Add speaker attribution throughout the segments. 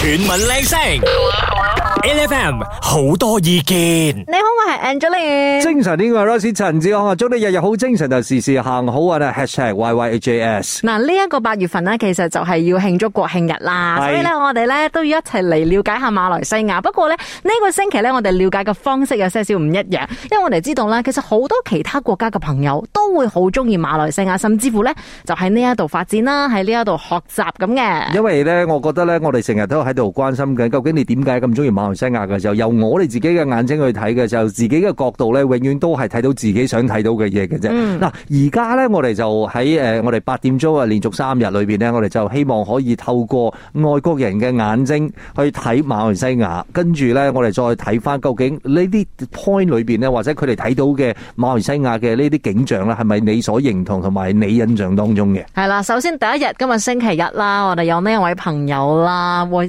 Speaker 1: 全民靚聲 LFM 好多意見。
Speaker 2: 你好，我係 Angeline。精
Speaker 1: 神啲嘅 Rose 陳志康啊，祝你日日好精神，就事事行好啊！啦 hashtag Y Y A J S。
Speaker 2: 嗱，呢一個八月份呢，其實就係要慶祝國慶日啦。是所以呢，我哋呢都要一齊嚟了解下馬來西亞。不過呢，呢個星期呢，我哋了解嘅方式有些少唔一樣，因為我哋知道啦，其實好多其他國家嘅朋友都會好中意馬來西亞，甚至乎呢就喺呢一度發展啦，喺呢一度學習咁嘅。
Speaker 1: 因為呢，我覺得呢，我哋成日都喺。度關心嘅，究竟你點解咁中意馬來西亞嘅時候？由我哋自己嘅眼睛去睇嘅時候，自己嘅角度咧，永遠都係睇到自己想睇到嘅嘢嘅啫。嗱，而家咧，我哋就喺誒，我哋八點鐘啊，連續三日裏邊咧，我哋就希望可以透過外國人嘅眼睛去睇馬來西亞，跟住咧，我哋再睇翻究竟呢啲 point 裏邊咧，或者佢哋睇到嘅馬來西亞嘅呢啲景象，咧，係咪你所認同同埋你印象當中嘅？
Speaker 2: 係啦，首先第一日今日星期日啦，我哋有呢位朋友啦，會。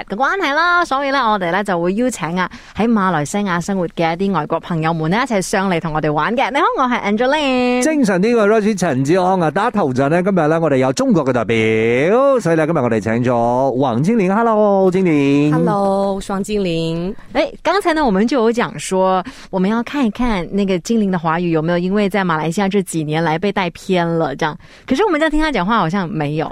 Speaker 2: 嘅關係啦，所以咧我哋咧就會邀請啊喺馬來西亞生活嘅一啲外國朋友們咧一齊上嚟同我哋玩嘅。你好，我係 Angeline。清
Speaker 1: 晨呢個 Rosie 陳志康啊打頭陣呢，今日咧我哋有中國嘅代表，所以咧今日我哋請咗王精靈。Hello 精靈。Hello
Speaker 2: 雙精靈。誒，剛才呢我們就有講說，我們要看一看那個精靈的華語有沒有因為在馬來西亞這幾年來被帶偏了，這樣。可是我們在聽他講話，好像沒有。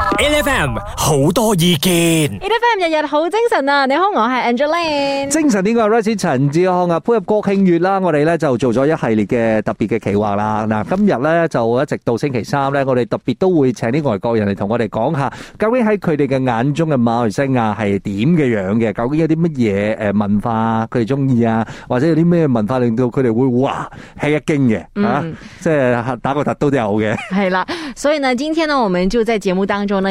Speaker 1: L.F.M. 好多意見
Speaker 2: ，L.F.M. 日日好精神啊！你好，我係 Angeline。
Speaker 1: 精神點講？Rusty 陳志康啊，配合國慶月啦，我哋咧就做咗一系列嘅特別嘅企劃啦。嗱，今日咧就一直到星期三咧，我哋特別都會請啲外國人嚟同我哋講下，究竟喺佢哋嘅眼中嘅馬來西亞係點嘅樣嘅？究竟有啲乜嘢誒文化佢哋中意啊？或者有啲咩文化令到佢哋會哇吃一驚嘅？嗯、啊，即係打個突都都有嘅。
Speaker 2: 係啦， 所以呢，今天呢，我們就在節目當中呢。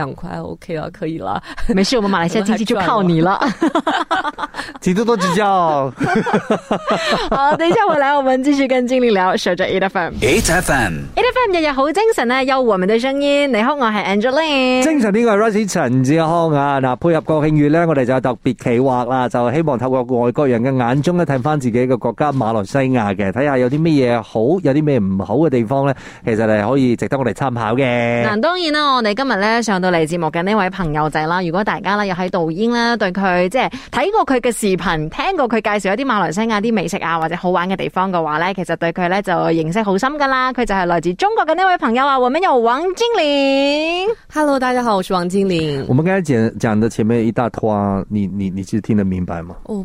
Speaker 3: 兩塊 OK 啊，可
Speaker 2: 以啦，沒事，我們馬來西亞經濟就靠你了，
Speaker 1: 請多多指教。
Speaker 2: 好，等一下回來我們繼續跟經理聊。守着 E F M，E F M，E F M 日日好精神呢、啊，有我們的聲音。你好，我係 Angeline，精神
Speaker 1: 呢個係 Rusty 陳志康啊。嗱、呃，配合國慶月呢，我哋就有特別企劃啦，就希望透過外國人嘅眼中咧睇翻自己嘅國家馬來西亞嘅，睇下有啲咩嘢好，有啲咩唔好嘅地方咧，其實係可以值得我哋參考嘅。嗱，
Speaker 2: 當然啦，我哋今日咧上到。嚟節目嘅呢位朋友仔啦，如果大家咧又喺抖音啦，對佢即係睇過佢嘅視頻，聽過佢介紹一啲馬來西亞啲美食啊或者好玩嘅地方嘅話咧，其實對佢咧就認識好深噶啦。佢就係來自中國嘅呢位朋友啊，黃敏柔，王精靈。Hello，大家好，我係王精靈。
Speaker 1: 我們剛才講講的前面一大段，你你你其實聽得明白嗎？
Speaker 2: 哦